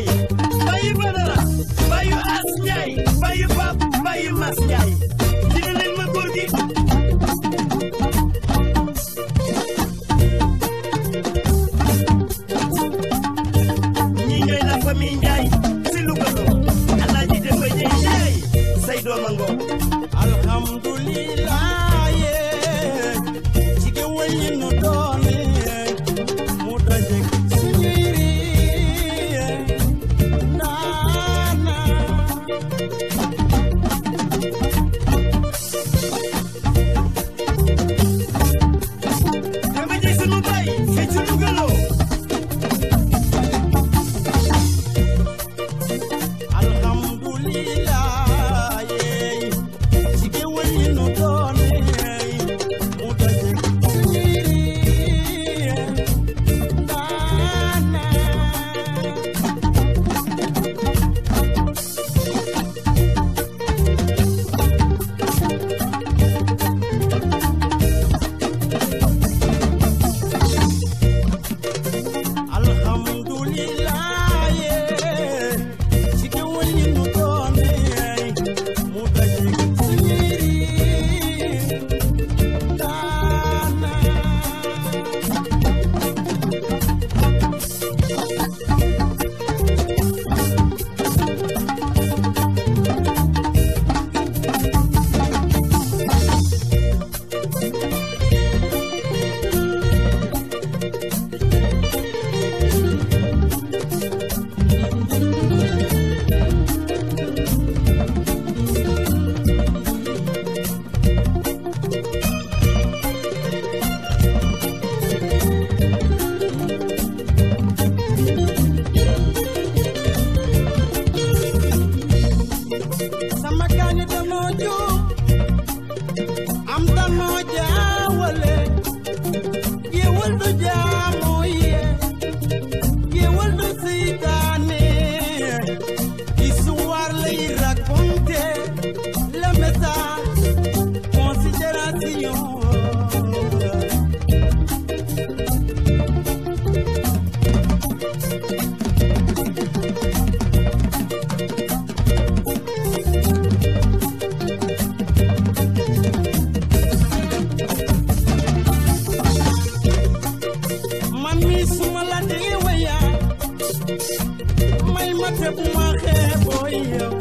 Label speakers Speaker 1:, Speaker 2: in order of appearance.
Speaker 1: мозгай, твою выбора, твою осняй, твою баб, твою масняй. I mi suma la dégee waya may ma fépp ma